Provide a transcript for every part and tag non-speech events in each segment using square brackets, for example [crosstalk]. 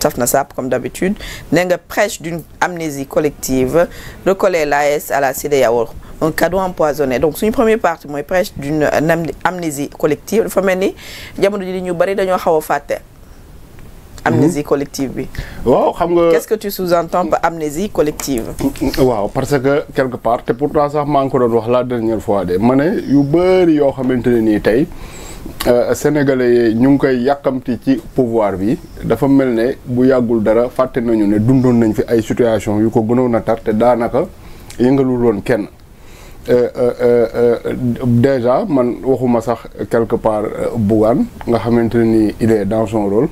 saf na sàpp comme d'habitude ne nga prêche d'une amnésie collective recoller l'AES à la CEDEAO un cadeau empoisonné donc suñu premier partie mooy prêche d'une amnésie collective dafa mel ni jamono ji ñu bari dañoo xaw a fàtte amnésie collective bi. waaw xam nga. qu'est-ce que tu sous-entends amnésie collective. waaw parce que quelque part te pourtant sax maa ngi ko doon wax la dernière fois de ma ne yu bari yoo xamante ne nii tey. Euh, sénégalais ñu ngi koy yàkkamti ci pouvoir bi dafa mel ne bu yàggul dara fàtte nañu ne dundoon nañ fi ay situation yu ko gënoon a tar te daanaka yëngalul woon kenn euh, euh, déjà man waxuma sax quelque part Bougane nga xamante ni il est dans son rôle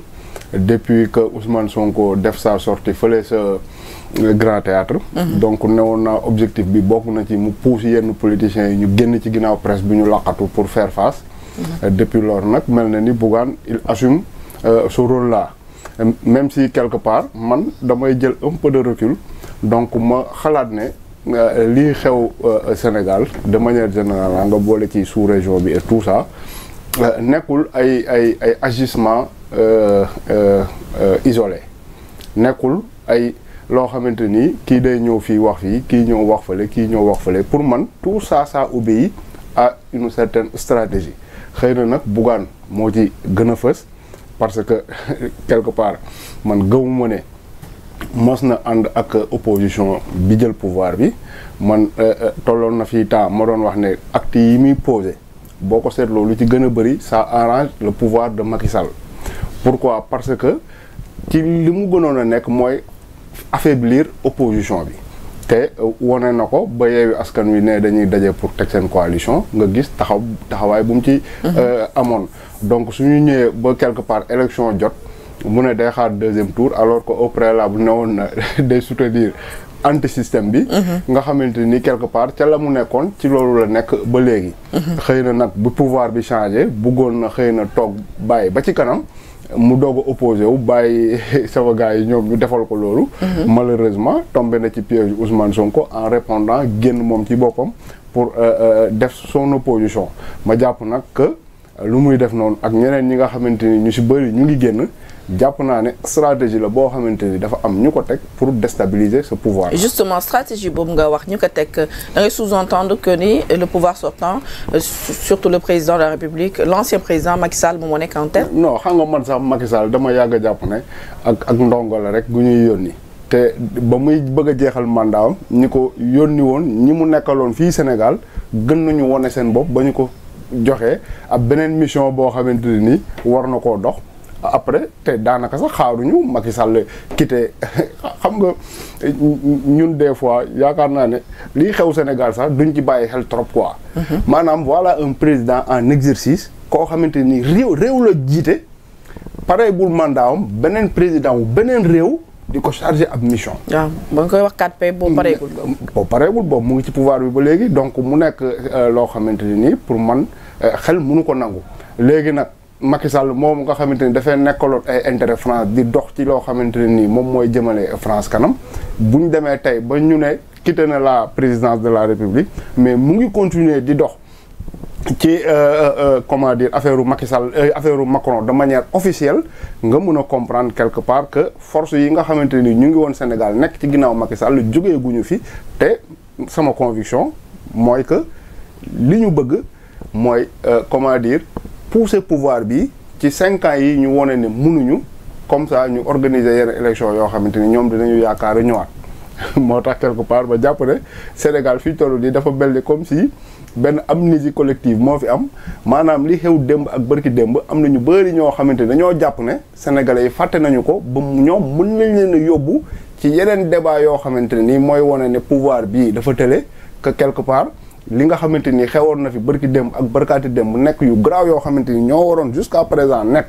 depuis que Ousmane Sonko def sa sortie fële sa grand théâtre mhm. donc newoon naa objectif bi bokk na ci mu pousse yenn politiciens yi ñu génn ci ginnaaw presse bi ñu làqatu pour faire face Euh, depuis lors nag mel na ni Bougane il assume euh, ce rôle là euh, même si quelque part man damay jël un peu de recul donc ma xalaat ne lii xew Sénégal de manière générale nga boole ci sous-région bi et tout ça nekkul ay ay ay agissement isole nekkul ay loo xamante ni kii day ñëw fii wax fii kii ñëw wax fale kii ñëw wax fale pour man tout ça ça obéit à une certaine stratégie xëy na nag Bougane moo ci gën a fës parce que [laughs] quelque part man gëmuma ne mos na ànd ak opposition bi jël pouvoir bi man euh, euh, tolloon na fii temps ma doon wax ne acte yi muy posé boo ko seetloo lu ci gën a bëri ça arrange le pouvoir de Macky Sall pourquoi parce que ci li mu gënoon a nekk mooy affaiblir opposition bi te wone na ko ba yeewi askan wi ne dañuy daje pour teg seen coalition nga gis taxaw taxawaay bu mu ci mhm. euh, amoon donc suñu ñëwee ba quelque part élection jot mu ne day xaar deuxième tour alors que au préalable ne woon na [laughs] day soutenir anti système bi mhm. nga xamante ni quelque part ca la mu nekkoon ci loolu la nekk ba léegi mhm. xëy na nag bu pouvoir bi changé buggoon na xëy na toog bàyyi ba ci kanam mu doog a opposé bàyyi [laughs] sama yi ñoom ñu defal ko loolu. Mhm. malheureusement tombé na ci piège Ousmane Sonko en répondant génn moom ci boppam pour euh, euh, def son opposition ma jàpp nag que. lu muy def noonu ak ñeneen ñi nga xamante ni ñu si bëri ñu ngi génn jàpp naa ne stratégie la boo xamante ni dafa am ñu ko teg pour déstabiliser sa pouvoir. justement stratégie boobu nga wax ñu ko teg da ngay sous-entendre que ni le pouvoir sortant euh, surtout le président de la République l'ancien président Macky Sall moom moo nekk en tête. xam nga man sax Macky Sall dama yàgg a jàpp ne ak ak ndongo la rek gu ñuy yónni. te ba muy bëgg a jeexal mandaam ñi ko yónni woon ñi mu nekkaloon fii Sénégal gën nañu wone seen bopp ba ñu ko. joxe ab beneen mission boo xamante nii war na koo dox après te daanaka sax xaaruñu Macky Sall kite [laughs] xam nga ñun des fois yaakaar naa ne lii xew Sénégal sax duñ ci bàyyi xel trop quoi. Mhm. maanaam voilà un président en exercice. koo xamante ni réew réew la jiite pareegul mandat am beneen président wu beneen réew. di ko chargé ab mission. waaw ba nga koy wax 4P boo pareegul. boo pareegul boobu mu ngi ci pouvoir bi ba léegi donc mu nekk euh, loo xamante ne nii pour man euh, xel mënu ko nangu léegi nag. Macky Sall moom nga xamante ni dafay nekkaloon ay intérêt France di dox ci loo xamante ne nii moom mooy jëmale France kanam bu ñu demee tey ba ñu ne quitté na la présidence de la République mais mu ngi continuer di dox. ci euh, euh, euh, comment dire affaire u Macky Sall affaire u Macron de manière officielle nga mun a comprendre quelque part que force yi nga xamante ni ñu ngi woon Sénégal nekk ci ginnaaw Macky Sall jógee guñu fi te sama conviction mooy que li ñu bëgg mooy comment dire pousser pouvoir bi ci cinq ans yi ñu wone ne mënuñu comme ça ñu organiser yenn élection yoo xamante ni ñoom dinañu yaakaar ñëwaat [laughs] moo tax quelque part ba jàpp Sénégal fii toll nii dafa mel ni comme si. benn amnésie collective moo fi am maanaam li xew demb ak bërki demb am na ñu bëri ñoo xamante dañoo jàpp ne sénégalais yi fàtte nañu ko ba ñoom mën nañ leen a yóbbu ci yeneen débat yoo xamante ne nii mooy wane ne pouvoir bii dafa tële que quelque part li nga xamante ni xewoon na fi bërki démb ak bërkaati démb nekk yu garaaw yoo xamante ni ñoo waroon jusqu'à présent nekk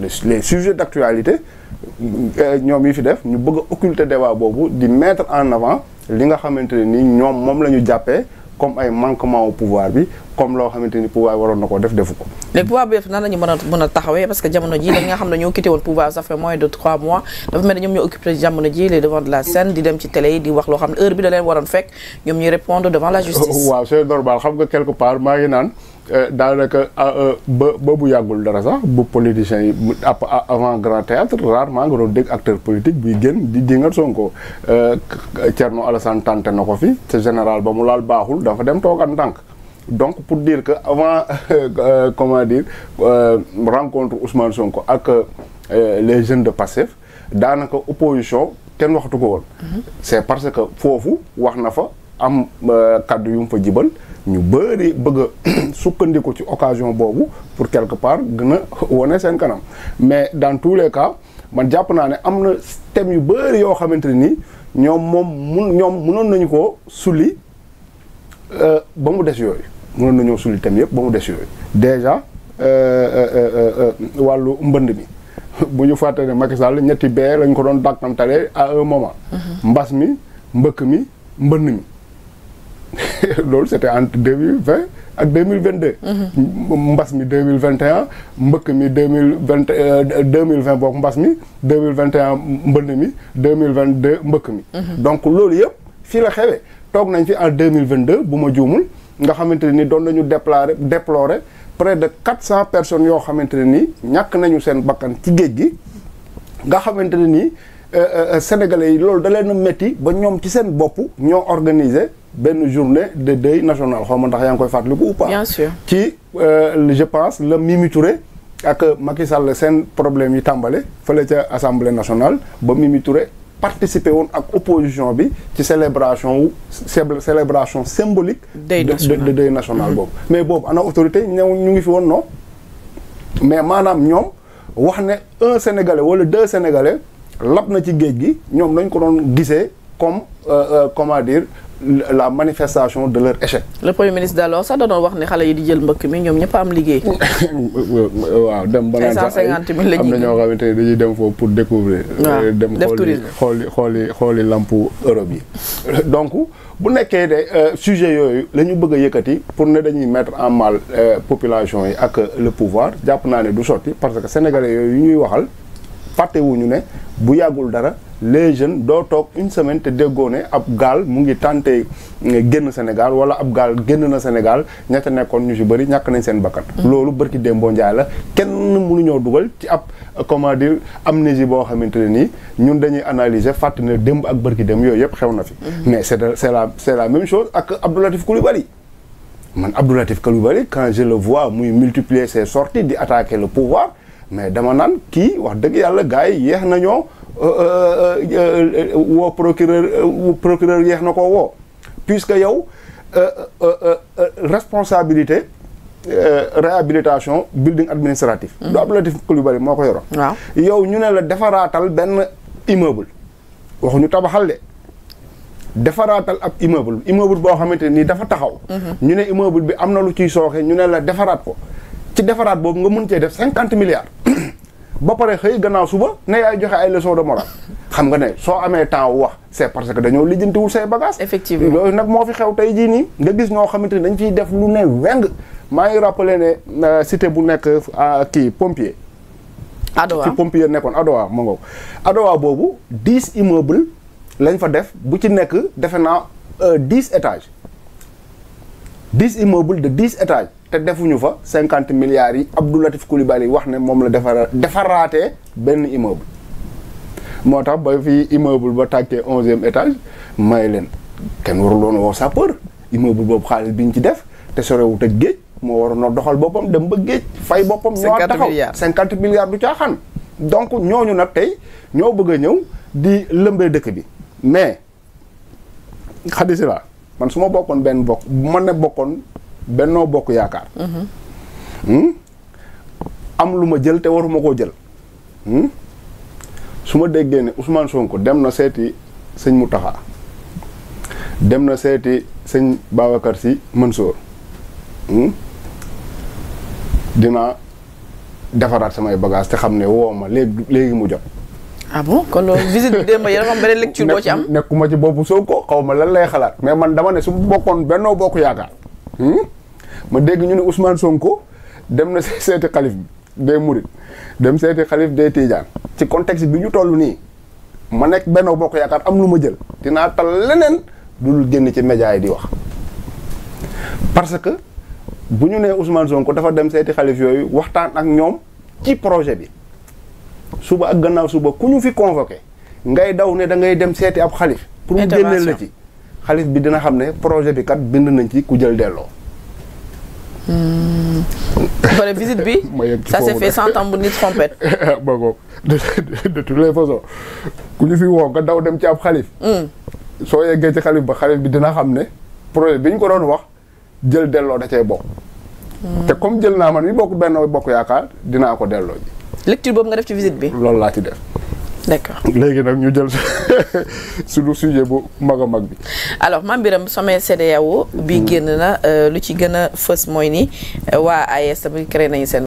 les sujets euh, ñoom yi fi def ñu bëgg a occulter boobu di mettre en avant li nga xamante ne ni ñoom moom la ñu jàppee comme ay manquement au pouvoir bi comme loo xamante ni pouvoir waroon na ko def defu ko. léegi pouvoir bi def nan la ñu mën a mën a taxawee parce que jamono ji dañ nga xam ne ñoo quitté woon devant la scène di dem ci télé yi di wax loo xam ne heure bi da leen waroon fekk ñoom ñuy répondre devant la justice. [laughs] waaw c'est normal xam nga quelque part maa naan euh, daanaka euh, euh, ba ba bu yàggul dara sax bu politicien yi avant grand théâtre rarement nga doon dégg acteur politique buy génn di dingal Sonko Thierno Alassane tante na ko fi te général ba mu laal baaxul dafa dem toog ak ndànk donc pour diir que avant [laughs] euh, comment dire rencontre euh, rencontre Ousmane ko ak euh, les jeunes de Pastef daanaka opposition kenn waxtu ko woon. Mhm. c'est parce que foofu wax na fa am euh, kaddu yu mu fa jibal ñu bëri bëgg [clears throat] sukkandiku ci occasion boobu pour quelque part gën a [laughs] wane seen kanam mais dans tous les cas man jàpp naa ne am na thèmes yu bëri yoo xamante nii ñoom moom mun ñoom munoon nañu ko sulli. Euh, ba mu des yooyu munoon na ñëw sul itam yëpp ba mu des yooyu déjà euh, euh, wàllu mbënd mi [laughs] bu ñu fàtte ne Macky ñetti bee lañ ko doon dàkkantalee à un moment. Mhm. mbas mi mbëkk mi mbënd mi [laughs] loolu c'était entre deux mille ak deux mille vingt deux. Mhm. mbas mi deux mille vingt et mbëkk mi deux mille vingt deux mille vingt bokk mbas mi deux mille vingt et un mi deux mille vingt deux mbëkk mi. Mhm. donc loolu yëpp fii la xewee. toog nañ fi en 2022 bu ma juumul nga xamante ne ni doon nañu déploré déploré près de 400 personnes yoo xamante ne nii ñàkk nañu seen bakkan ci géej gi nga xamante ne nii euh, euh, euh, sénégalais yi loolu da leen a métti ba ñoom ci seen bopp ñoo organiser benn journée de deuil national xaw ma ndax yaa ngi koy fàttaliku ou pas. bien sûr ci je pense le Mimi Touré ak Macky seen problème yi tàmbale fële ca assemblée nationale ba Mimi Touré. participer woon ak opposition bi ci célébration wu célébration symbolique day de deuil national mhm. boobu mais boobu ana autorité ñëw ñu ngi fi woon non mais maanaam ñoom wax ne un sénégalais wala deux sénégalais lab na ci géej gi ñoom dañ ko doon gisee comme euh, euh, comment dire la manifestation de leur échec. le premier ministre d'alors sax da doon wax ni xale yi di jël mbëkk mi ñoom ñëpp am liggéey. [laughs] waaw dem ba naan sax am na ñoo xamante ne dañuy dem foofu pour découvrir. Euh, dem xooli xooli xooli xooli lampu Europe yi. [laughs] donc bu nekkee de euh, sujet yooyu la ñu bëgg a yëkkati pour ne dañuy mettre en mal euh, population yi ak le pouvoir jàpp naa ne du sotti parce que sénégalais yooyu ñuy waxal fàttewuñu ne bu yàggul dara. les jeunes doo toog une semaine te déggoo ne ab gaal mu ngi tenté eh, génn Sénégal wala ab gaal génn na Sénégal ña ca nekkoon ñu si bëri ñàkk nañ seen bakkan. Mm-hmm. loolu bërki Dembo Ndiaye la kenn mënu ñoo dugal ci ab comment dire amnésie boo xamante ne nii ñun dañuy analyser fàttali ne démb ak barki démb yooyu yëpp xew na fi. Mm-hmm. mais c'est c'est la c'est la même chose ak Abdoulatif Coulibaly. man Abdoulatif Coulibaly quand je le vois muy multiplier ses sorti di attaquer le pouvoir mais dama naan kii wax dëgg yàlla gars yi yéex nañoo. Euh, euh, euh, woo procureur procureur yeex na ko woo puisque yow responsabilité réhabilitation building administratif mm-hmm. du Abdoulatif Coulibaly moo ko yoroon waaw yow ñu ne la defaraatal benn immeuble waxuñu tabaxal de defaraatal ab immeuble immeuble boo xamante nii dafa taxaw mm-hmm. ñu ne immeuble bi am na lu ciy sooxe ñu ne la defaraat ko ci defaraat boobu nga mun cee def cinquante milliards ba pare xëy gannaaw suba ne yaay joxe ay leçon de morale xam nga ne soo amee temps wax c'est parce que dañoo lijjantiwul say bagages. effectivement yooyu nag moo fi xew tey jii nii nga gis ñoo xamante ne dañ ciy def lu ne weng maa ngi rappelé ne euh, cité bu nekk euh, kii pompier. Adowa fi pompier nekkoon Adowa ma ngoog Adowa boobu dix immeubles lañ fa def bu ci nekk defe naa euh, dix étages dix immeubles de dix étages. te defuñu fa cinquante milliards yi Abdou Latif Coulibaly wax ne moom la defara defaraate benn immeuble moo tax ba fii immeuble ba tàkkee onzième étage may leen kenn waruloon woo sapeur immeuble boobu xaalis bi ñu ci def te sorewut ak géej moo waroon a doxal boppam dem ba géej fay boppam ñoo taxaw cinquante milliards du caaxaan donc ñooñu nag tey ñoo bëgg a ñëw di lëmbee dëkk bi mais xadisi la man su ma bokkoon benn bokk man ma ne bokkoon bennoo bokk yaakaar. Mhm. Hmm? am lu ma jël te waruma koo jël. Hmm? su ma déggee ne Ousmane Sonko dem na seeti sëñ mu taxa dem na seeti sëñ Babacar Sy Mansour hmm? dina defaraat samay bagage te xam ne woo ma léegi léegi mu jot. ah bon kon loolu visite bi démb yéen a xam beneen lecture boo ci am. nekkuma ci boppu Sonko xaw ma lan lay xalaat mais man dama ne su bokkoon bennoo bokk yaakaar. Hmm? ma dégg ñu ne Ousmane Sonko dem na seeti xalif des Mouride dem seeti xalif des Tidiane ci contexte bi ñu toll nii ma nekk Benno Bokk Yaakaar am lu ma jël dinaa tal leneen dul génn ci média yi di wax parce que bu ñu nee Ousmane Sonko dafa dem seeti xalif yooyu waxtaan ak ñoom ci projet bi suba ak gannaaw suba ku ñu fi convoqué ngay daw ne da ngay dem seeti ab xalif pour mu génneel la ci xalif bi dina xam ne projet bi kat bind nañ ci ku jël delloo. pare hmm. visite bi. [laughs] ça s'est fait sans tambour ni trompette. [laughs] ba ko de toutes les façons ku ñu fi woo nga daw dem ci ab xalif. Hmm. soo yeggee ci xalif ba xalif bi dina xam ne projet bi ñu ko doon wax jël delloo da cee bokk. Hmm. te comme jël naa man mi bokk benn bokk yaakaar dinaa ko delloo ji. lecture boobu nga def ci visite bi. loolu laa ci def. d'accord léegi nag ñu jël [laughs] suñu sujet bu mag a mag bi. alors Mame Birame sommet CEDEAO bi hmm. génn na euh, lu ci gën a fës mooy ni euh, waa AES tamit créé nañu seen.